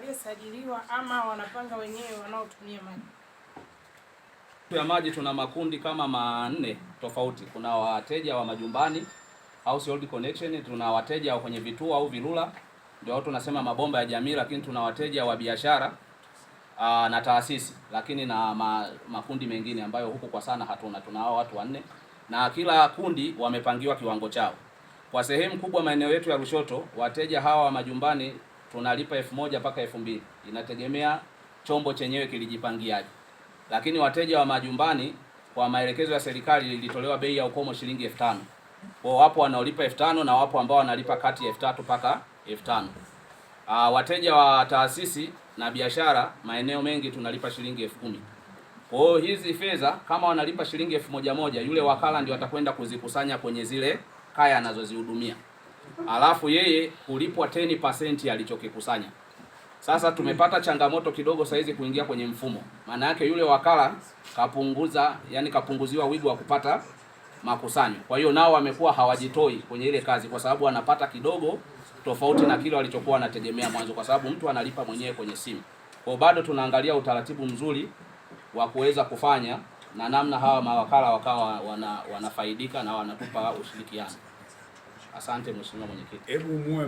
waliosajiliwa ama wanapanga wenyewe wanaotumia maji ya maji? Tuna makundi kama manne tofauti. Kuna wateja wa majumbani household connection, tuna wateja wa kwenye vituo au vilula, ndio watu nasema mabomba ya jamii, lakini tuna wateja wa biashara na taasisi, lakini na ma, makundi mengine ambayo huku kwa sana hatuna. Tuna hao watu wanne na kila kundi wamepangiwa kiwango chao. Kwa sehemu kubwa maeneo yetu ya Lushoto, wateja hawa wa majumbani tunalipa elfu moja mpaka elfu mbili inategemea chombo chenyewe kilijipangiaje. Lakini wateja wa majumbani kwa maelekezo ya serikali ilitolewa bei ya ukomo shilingi elfu tano. Kwa wapo wanaolipa elfu tano na wapo ambao wanalipa kati ya elfu tatu mpaka elfu tano. Ah, wateja wa taasisi na biashara maeneo mengi tunalipa shilingi elfu kumi. Kwa hiyo hizi fedha kama wanalipa shilingi elfu moja moja, yule wakala ndio atakwenda kuzikusanya kwenye zile kaya anazozihudumia alafu yeye kulipwa 10% alichokikusanya. Sasa tumepata changamoto kidogo saizi kuingia kwenye mfumo, maana yake yule wakala kapunguza, yani kapunguziwa wigo wa kupata makusanyo. Kwa hiyo nao wamekuwa hawajitoi kwenye ile kazi, kwa sababu wanapata kidogo tofauti na kile walichokuwa wanategemea mwanzo, kwa sababu mtu analipa mwenyewe kwenye simu. Kwa bado tunaangalia utaratibu mzuri wa kuweza kufanya na namna hawa mawakala wakawa wana, wanafaidika na wanatupa ushirikiano. Asante mheshimiwa mwenyekiti. Hebu muwe